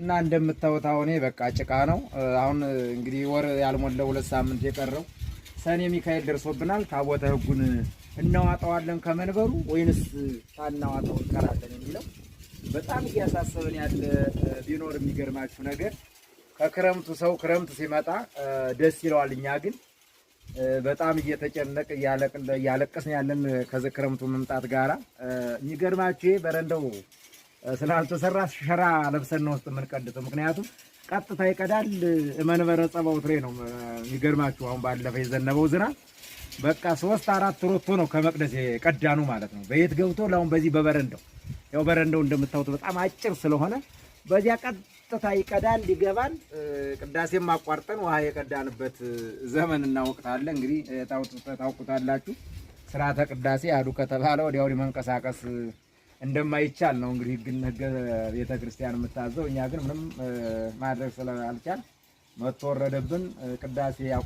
እና እንደምታዩት አሁን በቃ ጭቃ ነው። አሁን እንግዲህ ወር ያልሞላው ሁለት ሳምንት የቀረው ሰኔ ሚካኤል ደርሶብናል። ታቦተ ሕጉን እናዋጣዋለን ከመንበሩ ወይንስ ሳናዋጣው እንቀራለን የሚለው በጣም እያሳሰብን ያለ ቢኖር የሚገርማችሁ ነገር ከክረምቱ ሰው ክረምት ሲመጣ ደስ ይለዋል። እኛ ግን በጣም እየተጨነቅ እያለቅስን ያለን ከዚ ክረምቱ መምጣት ጋራ የሚገርማችሁ በረንደው ስላልተሰራ ሸራ ለብሰን ነው ውስጥ የምንቀድሰው። ምክንያቱም ቀጥታ ይቀዳል። መንበረ ጸባው ትሬ ነው የሚገርማችሁ። አሁን ባለፈ የዘነበው ዝናብ በቃ ሶስት አራት ሮቶ ነው ከመቅደስ የቀዳኑ ማለት ነው። በየት ገብቶ ለአሁን በዚህ በበረንዳው ያው በረንዳው እንደምታዩት በጣም አጭር ስለሆነ በዚያ ቀጥታ ይቀዳል ይገባል። ቅዳሴም አቋርጠን ውሃ የቀዳንበት ዘመን እናውቅታለን። እንግዲህ ታውቁታላችሁ። ስርዓተ ቅዳሴ አሉ ከተባለ ወዲያው መንቀሳቀስ እንደማይቻል ነው እንግዲህ ህገ ቤተ ክርስቲያን የምታዘው። እኛ ግን ምንም ማድረግ ስላልቻል መጥቶ ወረደብን። ቅዳሴ